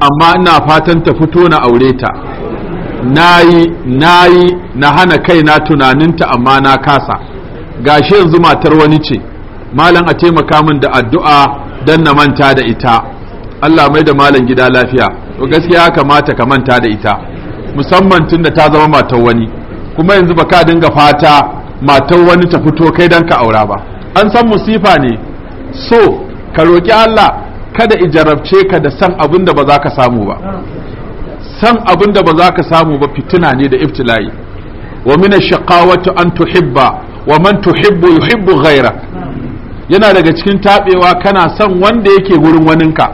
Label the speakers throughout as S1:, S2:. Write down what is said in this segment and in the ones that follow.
S1: amma ina fatan ta fito na aure ta nayi nayi na hana kaina tunaninta amma na kasa gashi yanzu matar wani ce malam a taimaka min da addu'a dan na manta da ita Allah mai da malam gida lafiya to gaskiya ya kamata ka manta da ita musamman tun da ta zama matar wani kuma yanzu ba ka dinga fata matar wani ta fito kai dan ka aura ba an san musifa ne so ka roki Allah kada ijarabce ka da san abin da ba za ka samu ba san abin da ba za ka samu ba fitina ne da iftilayi wa ash-shaqawati an tuhibba wa man tuhibbu yuhibbu ghaira yana daga cikin tabewa kana san wanda yake wurin waninka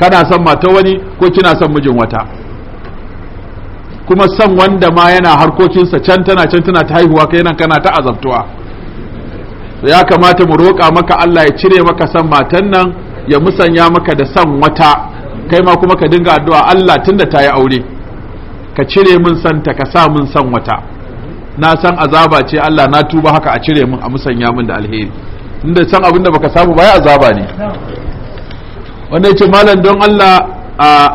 S1: kana son mata wani ko kina son mijin wata kuma san wanda ma yana harkokinsa can tana can tana ta haihuwa kai nan kana ta azabtuwa ya kamata mu roƙa maka Allah ya cire maka san matan nan ya musanya maka da san wata kai ma kuma ka dinga addu'a Allah tunda ta yi aure ka cire min santa ka sa min san wata na san azaba ce Allah na tuba haka a cire min a musanya min da alheri tunda san abin da baka samu ba ya azaba ne wanda ya ce malam don Allah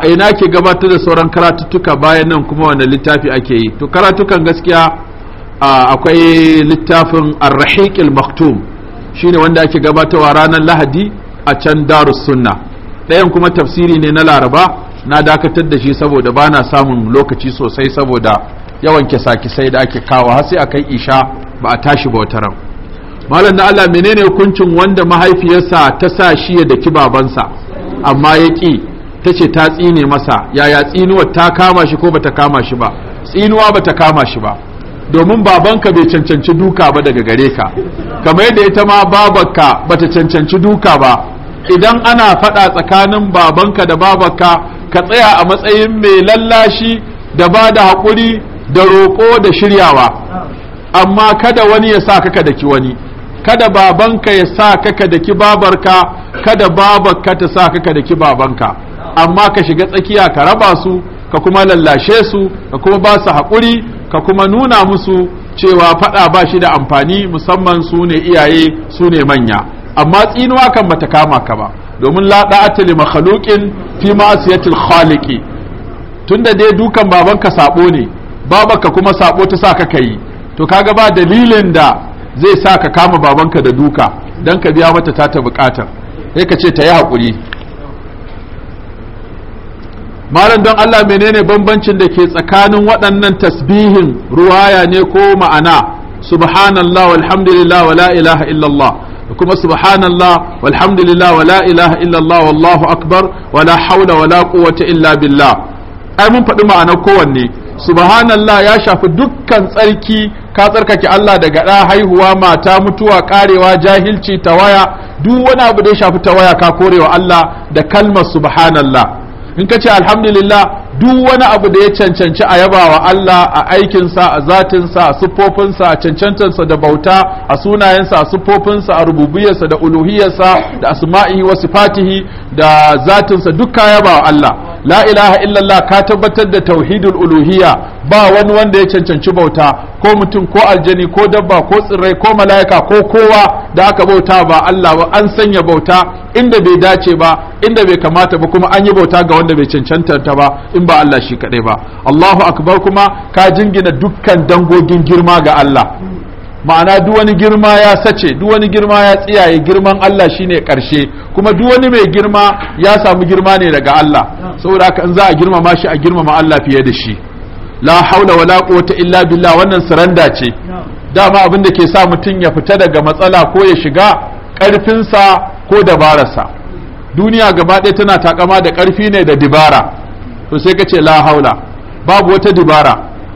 S1: a ina ke gabatar da sauran karatuttuka bayan nan kuma wanda littafi ake yi to karatukan gaskiya akwai littafin arrahiqil maktum shine wanda ake gabatarwa ranar lahadi a can darus sunna ɗayan kuma tafsiri ne na laraba na dakatar da shi saboda ba na samun lokaci sosai saboda yawan kisa-kisai da ake kawo har sai akai isha ba a tashi ba malam da Allah menene hukuncin wanda mahaifiyarsa ta sa shi ya daki babansa amma ya ki ta ce ta tsine masa yaya tsinuwar ta kama shi ko bata kama shi ba tsinuwa bata kama shi ba domin babanka bai cancanci duka ba daga gare ka kamar yadda ita ma babanka bata cancanci duka ba idan ana faɗa tsakanin babanka da babanka ka tsaya a matsayin mai lallashi da ba da haƙuri da roƙo da shiryawa amma kada wani ya sa kaka da ki wani kada babanka ya sa kaka da ki babarka kada babarka ta sa kaka da ki babanka amma ka shiga tsakiya ka raba su ka kuma lallashe su ka kuma ba su haƙuri ka kuma nuna musu cewa faɗa ba shi da amfani musamman su ne iyaye su ne manya amma tsinuwa kan bata kama ka ba domin la da'ata li makhluqin fi ma'siyatil khaliqi tunda dai dukan babanka sabo ne ka kuma sabo ta saka kai to kaga ba dalilin da zai sa ka kama babanka da duka dan ka biya mata tata bukatar sai ka ce ta yi hakuri malam don Allah menene bambancin da ke tsakanin waɗannan tasbihin ruwaya ne ko ma'ana subhanallah walhamdulillah wala ilaha illallah da kuma subhanallah walhamdulillah wala ilaha illallah wallahu akbar wala haula wala quwwata illa billah ai mun faɗi ma'anar kowanne subhanallah ya shafi dukkan tsarki ka tsarkake Allah daga ɗa haihuwa mata mutuwa karewa jahilci tawaya duk wani abu da ya shafi tawaya ka korewa Allah da kalmar subhanallah in ka ce alhamdulillah duk wani abu da ya cancanci a yaba wa Allah a aikinsa a zatinsa a siffofinsa a cancantarsa da bauta a sunayensa a siffofinsa a rububiyarsa da uluhiyarsa da asma'ihi wa sifatihi da zatinsa Dukka yabawa yaba wa Allah la ilaha illallah ka tabbatar da tauhidul uluhiyya ba wani wanda ya cancanci bauta ko mutum ko aljani ko dabba ko tsirrai ko mala'ika ko kowa da aka bauta ba Allah ba an sanya bauta inda bai dace ba inda bai kamata ba kuma an yi bauta ga wanda bai cancanta ta ba in ba Allah shi kadai ba Allahu akbar kuma ka jingina dukkan dangogin girma ga Allah ma'ana duk wani girma ya sace duk wani girma ya tsiyaye girman Allah shine karshe kuma duk wani mai girma ya samu girma ne daga Allah saboda haka in za a girmama shi a girmama Allah fiye da shi la haula wala quwwata illa billah wannan saranda ce dama abin da ke sa mutum ya fita daga matsala ko ya shiga ƙarfinsa ko dabararsa duniya gaba ɗaya tana takama da ƙarfi ne da dibara to sai ka ce la haula babu wata dibara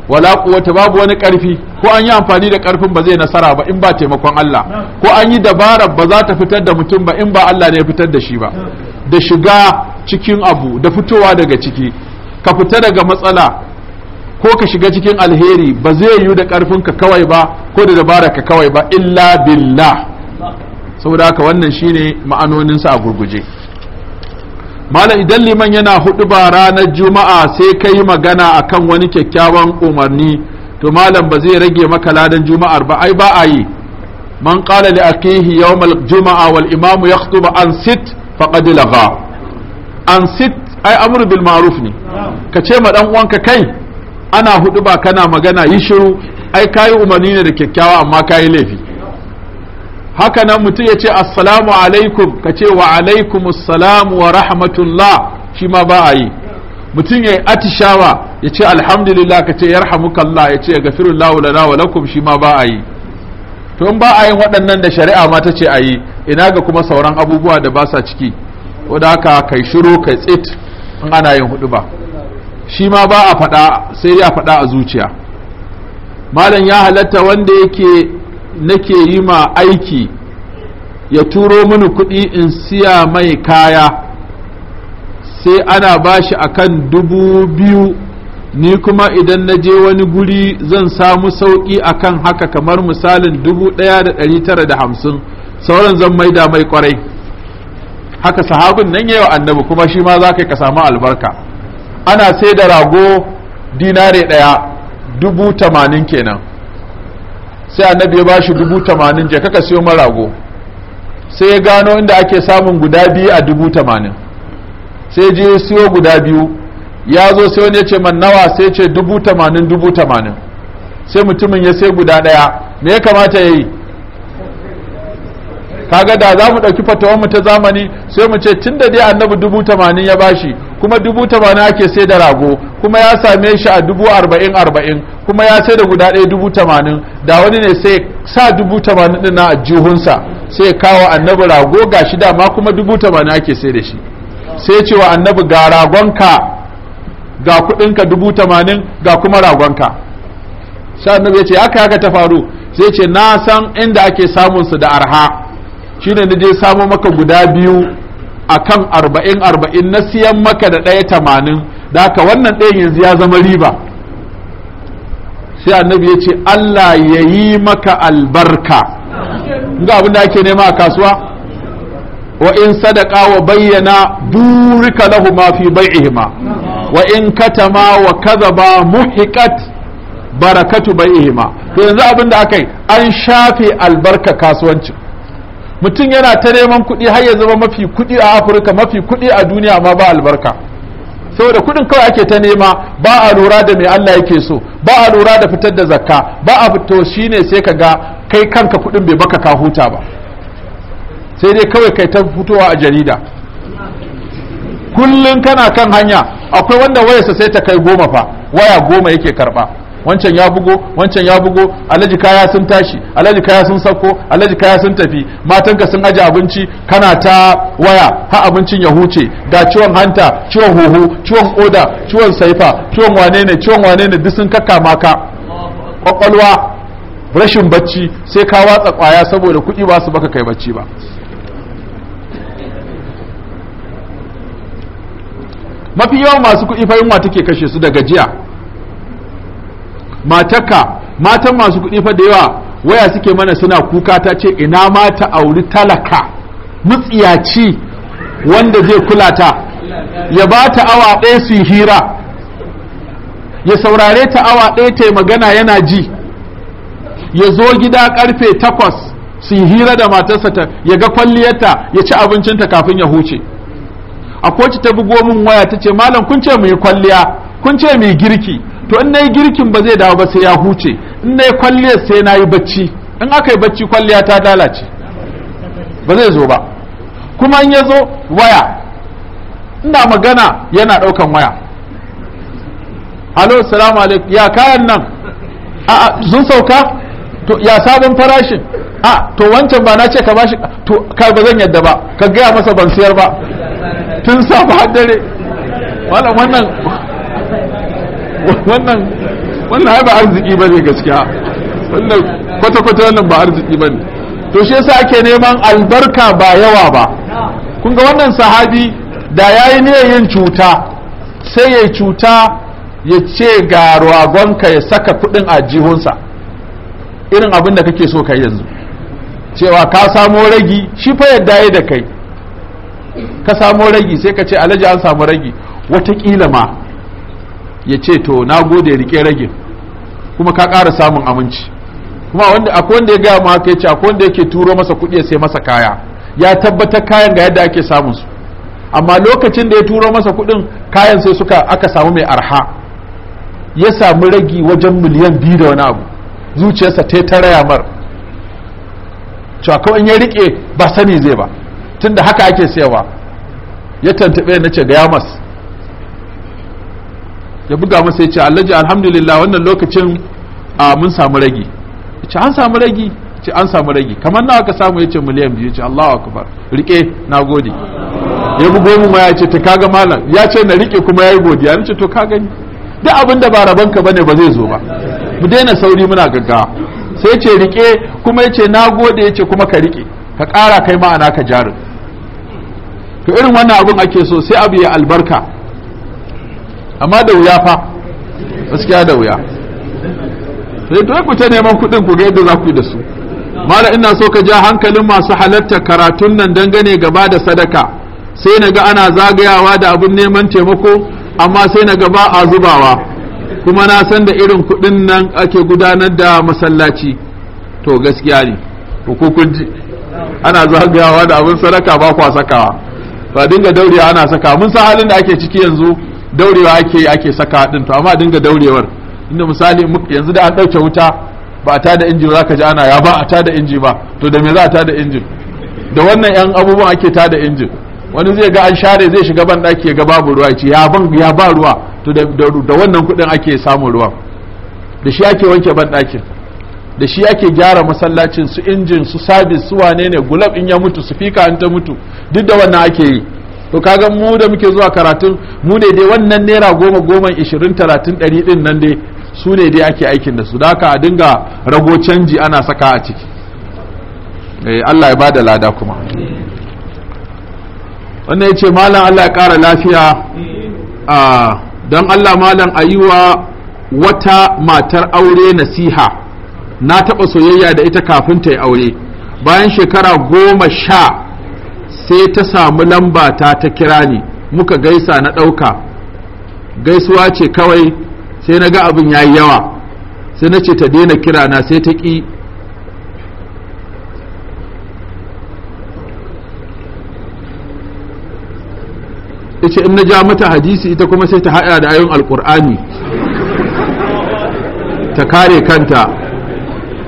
S1: wala quwwata babu wani ƙarfi ko an yi amfani da ƙarfin ba zai nasara ba in ba taimakon Allah ko an yi dabara ba za ta fitar da mutum ba in ba Allah ne ya fitar da shi ba da shiga cikin abu da fitowa daga ciki ka fita daga matsala ko ka shiga cikin alheri ba zai yiwu da ƙarfin ka kawai ba ko da dabara ka kawai ba illa billah saboda haka wannan shine ma'anoninsa a gurguje malam idan liman yana hudu ba ranar juma'a sai ka yi magana akan wani kyakkyawan umarni to malam ba zai rage maka ladan juma'ar ba ai ba a yi man qala li akihi yawm al juma'a wal imamu yakhutubu an sit faqad lagha an sit ai amru bil ma'ruf ne ka ce ma dan uwanka kai ana hudu ba kana magana yi shiru ai kayi umarni ne da kyakkyawa amma kayi laifi haka nan mutum ya ce assalamu alaikum ka ce wa alaikum alaikumussalam wa rahmatullah shi ma ba a yi mutum ya yi atishawa ya ce alhamdulillah ka ce ya kalla ya ce gafirullahu lana wa lakum shi ma ba a yi to ba a yin waɗannan da shari'a ma ta ce a yi ina ga kuma sauran abubuwa da ba sa ciki wadda haka kai shiru kai tsit in ana yin hudu ba shi ma ba a faɗa sai ya faɗa a zuciya malam ya halatta wanda yake nake yi ma aiki ya turo mini kuɗi in siya mai kaya sai ana bashi kan dubu biyu ni kuma idan na je wani guri zan samu sauƙi a kan haka kamar misalin dubu ɗaya da ɗari tara da hamsin sauran zan maida mai ƙwarai haka sahabin nan yawa annabi kuma shi ma za ka samu albarka ana sai da rago dinare ɗaya dubu tamanin kenan sai annabi ya bashi dubu tamanin je kaka siyo marago sai ya gano inda ake samun guda biyu a dubu tamanin sai je ya siyo guda biyu ya zo sai wani ya ce man nawa sai ce dubu tamanin dubu tamanin sai mutumin ya sai guda ɗaya me ya kamata ya yi kaga da za mu ɗauki mu ta zamani sai mu ce tun da dai annabi dubu tamanin ya bashi kuma dubu tamanin ake sai da rago kuma ya same shi a dubu arba'in arba'in kuma ya sai da guda ɗaya dubu tamanin da wani ne sai sa dubu tamanin ɗin na ajihunsa sai kawo annabi rago ga shi dama kuma dubu tamanin ake sai da shi sai cewa annabi ga ragonka ga kuɗinka dubu tamanin ga kuma ragonka sai annabi ya ce haka haka ta faru sai ce na san inda ake samunsa da arha shine na je samo maka guda biyu a kan arba'in arba'in na siyan maka da ɗaya tamanin da haka wannan ɗayan yanzu ya zama riba sai annabi ya ce Allah ya yi maka albarka ga abin da ake nema a kasuwa wa in sadaka wa bayyana burika lahu ma fi bai'ihima wa in katama wa kazaba muhiqat barakatu bai'ihima to yanzu abin da aka an shafe albarka kasuwanci. mutum yana ta neman kuɗi har ya zama mafi kuɗi a afirka mafi kuɗi a duniya ma ba albarka saboda kuɗin kawai ake ta nema ba a lura da mai Allah yake so ba a lura da fitar da zakka ba a fito shine sai ka ga kai kanka kuɗin bai baka ka huta ba sai dai kawai kai ta fitowa a jarida kullum kana kan hanya akwai wanda wayarsa sai ta kai goma fa waya goma yake karba wancan ya bugo wancan ya bugo alaji kaya sun tashi alaji kaya sun sako alaji kaya sun tafi matanka sun aje abinci kana ta waya ha abincin ya huce ga ciwon hanta ciwon huhu ciwon oda ciwon saifa ciwon wane ne ciwon wane ne duk sun kaka maka. kwakwalwa rashin bacci sai ka watsa kwaya saboda kuɗi ba su baka kai bacci ba mafi yawan masu kuɗi fa yunwa take kashe su da gajiya matarka matan masu kuɗi fa da yawa waya suke mana suna kuka ta ce ina ma ta auri talaka mutsiyaci wanda zai kula ta ya ba ta awa ɗaya su hira ya saurare ta awa ɗaya ta magana yana ji ya zo gida karfe takwas su hira da matarsa ta ya ga kwalliyarta ya ci abincinta kafin ya huce a koci ta bugo min waya ta ce malam kun ce mu kwalliya kun ce mu girki to in na yi girkin ba zai dawo ba sai ya huce in na yi kwalliyar sai na yi bacci in aka yi bacci kwalliya ta lalace ba zai zo ba kuma in ya zo waya ina magana yana ɗaukan waya alo salamu alaikum ya kayan nan a sun sauka to ya sabon farashin a to wancan ba na ce ka bashi to kai ba zan yadda ba ka gaya masa ban siyar ba tun safa har dare wannan wannan wannan ba arziki bane gaskiya wannan kwata-kwata wannan ba arziki bane to shi yasa ake neman albarka ba yawa ba kun ga wannan sahabi da yayi ne yin cuta sai ya cuta ya ce ga ragonka ya saka kudin a jihunsa irin abin da kake so kai yanzu cewa ka samo ragi shi fa yadda ya da kai ka samo ragi sai ka ce alhaji an samu ragi watakila ma ya ce to na gode rike rage kuma ka ƙara samun aminci kuma wanda akwai wanda ya gaya ma haka ya ce akwai wanda yake turo masa kuɗi ya sai masa kaya ya tabbatar kayan ga yadda ake samun su amma lokacin da ya turo masa kuɗin kayan sai suka aka samu mai arha ya samu ragi wajen miliyan biyu da wani abu zuciyarsa ta ta raya mar cewa kawai in ya rike ba sani zai ba tunda haka ake sayawa ya tantaɓe na ce ga yamas ya buga masa ya ce alhaji alhamdulillah wannan lokacin a mun samu ragi ya ce an samu ragi ce an samu ragi kamar nawa ka samu ya ce miliyan biyu ya ce Allahu akbar rike na gode ya bugo mu ma ya ce ta kaga malam ya ce na rike kuma ya yi godiya ni ce to ka gani duk abin da ba rabon ka bane ba zai zo ba mu daina sauri muna gaggawa sai ce rike kuma ya ce na gode ya ce kuma ka rike ka ƙara kai ma'ana ka jarin to irin wannan abin ake so sai abu ya albarka amma da wuya fa gaskiya da wuya sai to ku ta neman kuɗin ku ga yadda za ku yi da su mala ina so ka ja hankalin masu halatta karatun nan dangane gaba da sadaka sai na ga ana zagayawa da abin neman taimako amma sai na gaba ba a zubawa kuma na san da irin kuɗin nan ake gudanar da masallaci to gaskiya ne ji ana zagayawa da abin sadaka ba kwa sakawa ba dinga daure ana saka mun san halin da ake ciki yanzu daurewa ake ake saka din to amma dinga daurewar inda misali yanzu da an ɗauke wuta ba ta da injin zaka ji ana ya ba a ta da inji ba to da me za a ta da injin da wannan yan abubuwan ake ta da injin wani zai ga an share zai shiga ban daki ya ga babu ruwa ce ya ban ya ba ruwa to da wannan kuɗin ake samun ruwa da shi ake wanke ban dakin da shi ake gyara masallacin su injin su sabis su wane ne gulab in ya mutu su fika in ta mutu duk da wannan ake yi to kaga mu da muke zuwa karatun mu ne dai wannan naira goma goma ishirin talatin ɗari ɗin nan dai su ne dai ake aikin da su da haka a dinga rago canji ana saka a ciki eh, Allah ya bada lada kuma wannan ya ce malam Allah ya ƙara lafiya a don Allah malam a yi wa wata matar aure nasiha na taɓa soyayya da ita kafin ta yi aure bayan shekara goma sha sai ta samu lamba ta ta kira ni muka gaisa na ɗauka gaisuwa ce kawai sai na ga abin ya yi yawa sai na ce ta daina kira na sai ta ƙi ce in na ja mata hadisi ita kuma sai ta haɗa da ayon alƙur'ani ta kare kanta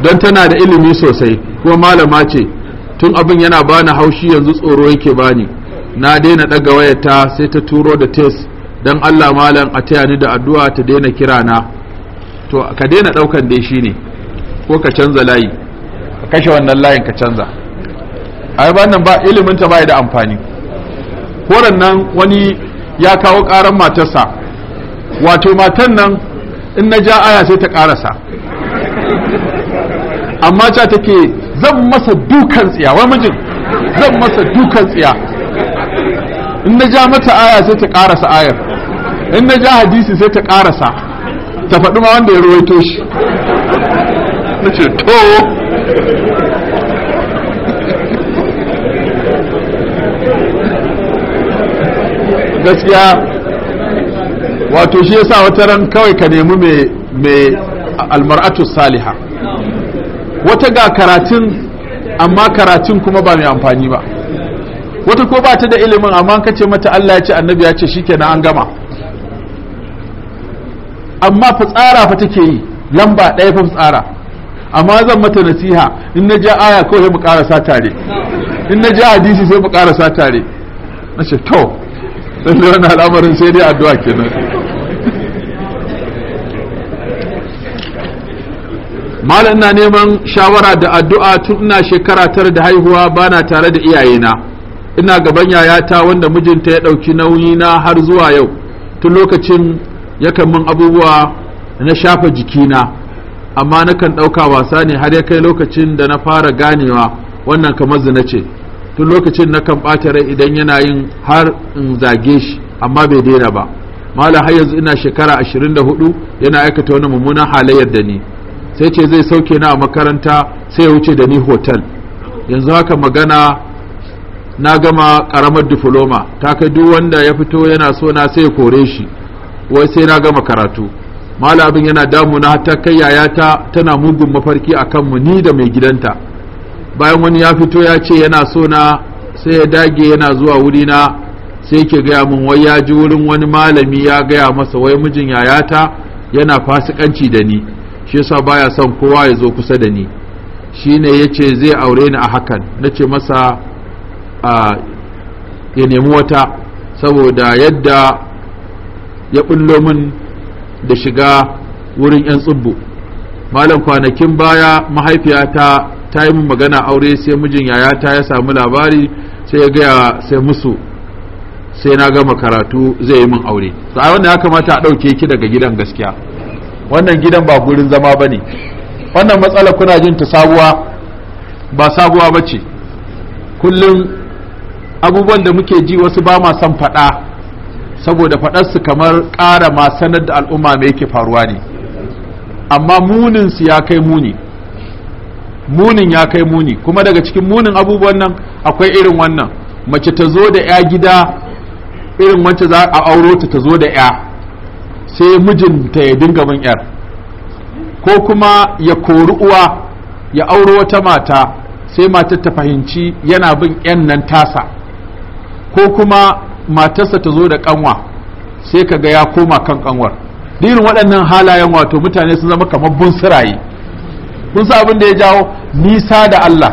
S1: don tana da ilimi sosai kuma malama ce tun abin yana bani haushi yanzu tsoro yake bani na daina ɗaga wayata sai ta turo da tes don allah malam a taya ni da addu'a ta daina kira na to ka daina ɗaukan dai shi ne ko ka canza layi ka kashe wannan layin ka canza a ba nan ba ilimin ta bai da amfani horon nan wani ya kawo ƙaran matarsa wato matan nan in na ja aya sai ta ƙarasa amma ta take zan masa dukan tsiya wai mijin zan masa dukan tsiya in na ja mata aya sai ta karasa ayar in na ja hadisi sai ta karasa ta faɗi ma wanda ya ruwaito shi nace to gaskiya wato shi yasa wata ran kawai ka nemi mai almar'atu saliha wata ga karatun amma karatun kuma ba mai amfani ba wata ko ba ta da ilimin amma ka ce mata Allah ya ce annabi ya ce na an gama amma fa tsara fa take yi lamba ɗaya fa tsara amma zan mata nasiha in na ja aya kawai mu karasa tare in na ja hadisi sai mu karasa tare na ce to wannan al'amarin sai dai addu'a kenan malam na neman shawara da addu'a tun ina shekara tara da haihuwa bana tare da iyayena ina gaban yayata wanda mijinta ya ɗauki nauyi na har zuwa yau tun lokacin kan min abubuwa na shafa jikina amma na kan ɗauka wasa ne har ya kai lokacin da na fara ganewa wannan kamar zina ce tun lokacin na kan ɓata rai idan yana yin har in zage shi amma bai daina ba malam har yanzu ina shekara ashirin da hudu yana aikata wani mummunan halayyar da ni sai ce zai sauke na a makaranta sai ya wuce da ni hotel yanzu haka magana na gama karamar difloma ta kai duk wanda ya fito yana so na sai ya kore shi wai sai na gama karatu mala abin yana damu na hatta kai yayata tana mugun mafarki a mu ni da mai gidanta bayan wani ya fito ya ce yana so na sai ya dage yana zuwa wurina sai ke gaya min wai ya ji wurin wani malami ya gaya masa wai mijin yayata yana fasikanci da ni shi yasa baya son kowa ya zo kusa da ni shine yace zai aure ni a hakan nace masa a ya nemi wata saboda yadda ya bullo min da shiga wurin 'yan tsibbu malam kwanakin baya mahaifiyata ta yi min magana aure sai mijin yayata ya samu labari sai ya gaya sai musu sai na gama karatu zai yi min aure sai wanda ya kamata a ɗauke ki daga gidan gaskiya wannan gidan ba gurin zama ba ne wannan matsala kuna jin ta sabuwa ba sabuwa ba ce kullum abubuwan da muke ji wasu ba ma san faɗa saboda faɗarsu kamar ƙara ma sanar da al'umma mai yake faruwa ne amma muninsu ya kai muni munin ya kai muni kuma daga cikin munin abubuwan nan akwai irin wannan mace ta zo da 'ya gida irin wacce za a auro ta zo da 'ya sai mijinta ya dinga bin yar ko kuma ya kori uwa ya auro wata mata sai matar ta fahimci yana bin yan nan tasa ko kuma matarsa ta zo da kanwa sai kaga ya koma kan kanwar dirin waɗannan halayen wato mutane sun zama kamar bunsiraye kun sa abin da ya jawo nisa da Allah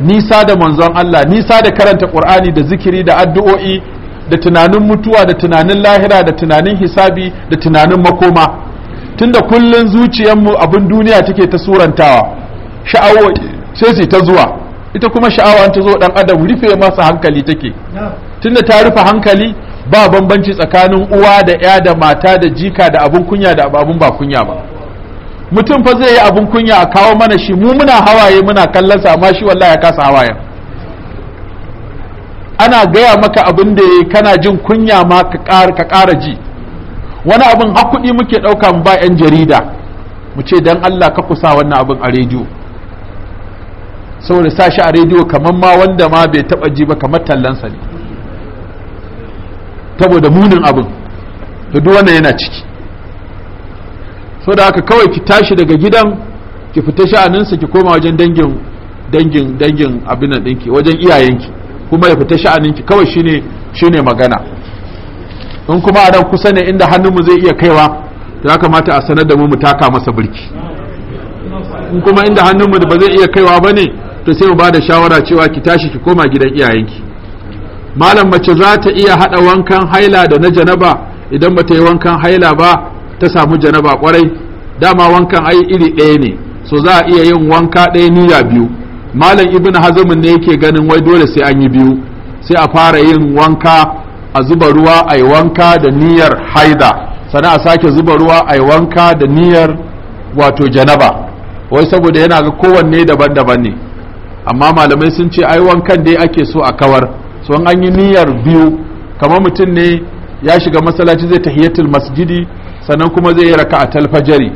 S1: nisa da manzon Allah nisa da karanta Qur'ani da zikiri da addu'o'i da tunanin mutuwa da tunanin lahira da tunanin hisabi da tunanin makoma tunda kullun zuciyarmu abin duniya take ta surantawa Sha'awo sai sai ta zuwa ita kuma sha'awa ta zo dan adam rufe masa hankali take tunda ta rufe hankali ba bambanci tsakanin uwa da ya da mata da jika da abun kunya da abun ba kunya ba mutum fa zai yi abun kunya a kawo mana shi mu muna hawaye muna kallon sa amma shi wallahi ya kasa hawayen ana gaya maka abin da ya kana jin kunya ma ka ƙara ji wani abin hakuɗi muke ɗauka mu ba 'yan jarida mu ce don Allah ka kusa wannan abin a rediyo saboda sa shi a rediyo kamar ma wanda ma bai taɓa ji ba kamar tallansa ne saboda munin abin da duk wannan yana ciki saboda haka kawai ki tashi daga gidan ki fita sha'aninsa ki koma wajen dangin dangin dangin abin nan ɗinki wajen iyayenki kuma ya fita sha'aninki kawai shine shine magana in kuma a ran kusa ne inda hannunmu zai iya kaiwa ya kamata a sanar da mu mu taka masa birki in kuma inda hannunmu da ba zai iya kaiwa ba ne to sai mu ba da shawara cewa ki tashi ki koma gidan iyayenki malam mace za ta iya haɗa wankan haila da na janaba idan ba ta yi wankan haila ba ta samu janaba kwarai dama wankan ai iri ɗaya ne so za a iya yin wanka ɗaya niyya biyu malam ibn hazamin ne yake ganin wai dole sai an yi biyu sai a fara yin wanka a zuba ruwa a yi wanka da niyyar haida sannan a sake zuba ruwa a yi wanka da niyyar wato janaba wai saboda yana ga kowanne daban-daban ne amma malamai sun ce ai wankan dai ake so a kawar so an yi niyyar biyu kamar mutum ne ya shiga masallaci zai tahiyatul masjidi sannan kuma zai yi raka'atul talfajari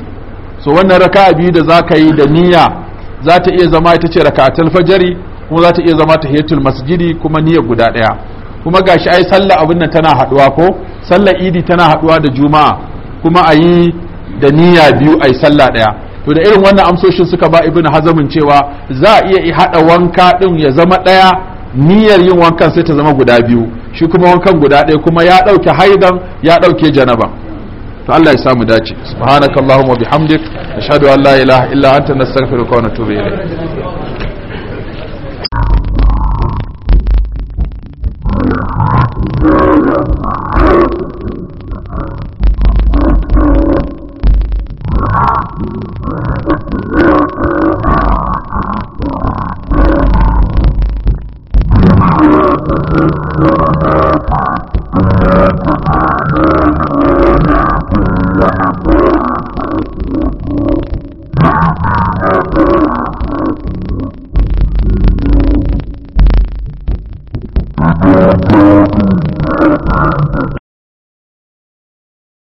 S1: so wannan raka'a biyu da zaka yi da niyya za ta iya zama ita ce rakatul fajari kuma za ta iya zama ta hiyatul masjidi kuma niyyar guda ɗaya kuma gashi ai sallah abin nan tana haɗuwa ko sallah idi tana haɗuwa da juma'a kuma a yi da niyya biyu ai sallah ɗaya to da irin wannan amsoshin suka ba ibn hazamin cewa za a iya haɗa wanka ɗin ya zama ɗaya niyyar yin wankan sai ta zama guda biyu shi kuma wankan guda ɗaya kuma ya ɗauke haidan ya ɗauke janaba to Allah ya samu dace subhanakallahumma bihamdik ashhadu an la ilaha illa anta nastaghfiruka wa natubu ilayk